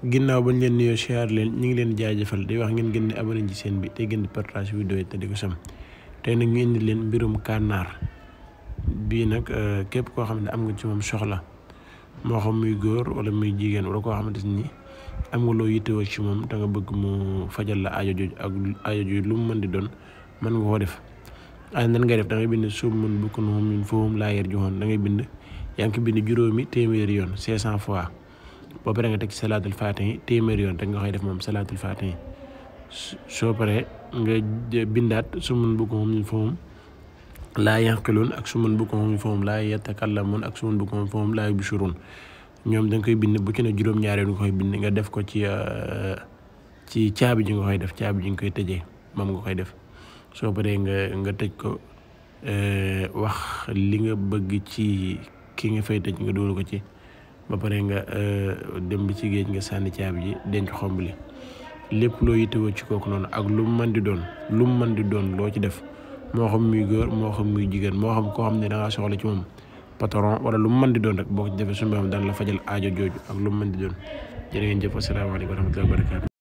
ginnaaw bañ leen nuyoo siyaar leen ñu ngi leen jaajëfal di wax ngeen gën di ji ci seen bi te gën di partage vidéo yi te di ko sam tey nag ñu indi leen mbirum kànnaar bii nag euh, képp koo xam ne am nga ci moom soxla moo xam muy góor wala muy jigéen wala koo xamante ni am nga loo yittewoo ci moom te nga bëgg mu fajal la aajo ak aajo lu mu mën di doon mën nga koo def ah nan ngay def da ngay bind suub mën bukk na moom ñun foofu laa yer joxoon da ngay bind yaa ngi ko bind juróomi téeméeri yoon 500 fois. boo paree nga teg ci salaatul faatihi téeméer yoon rek nga koy def moom salaatul faatihi soo paree nga bindaat sumun bu ko moom foofu laa yanqiluun ak sumun bu ko moom foofu laa yatakallamuun ak sumun bu ko moom foofu laa yubshiruun ñoom da nga koy bind bu ci ne juróom-ñaari yoon nga koy bind nga def ko ci uh, ci caabi ji nga koy def caabi ji nga koy tëjee moom nga koy def soo paree nga nga tëj ko uh, wax li nga bëgg ci ki nga fay tëj nga dugal ko ci. ba pare nga euh, dem bi ci géej nga sànni caabi ji denc xomb li lépp loo yittewoo ci kooku noonu ak lu mu mën di doon lu mu mën di doon loo ci def moo xam muy góor moo xam muy jigéen moo xam koo xam ne da ngaa soxla ci moom patron wala lu mu mën di doon rek boo ko ci defee suñu borom daan la fajal aajo jooju ak lu mu mën di doon jërë ngeen jëf asalaamaaleykum wa rahmatulah wa barakaatu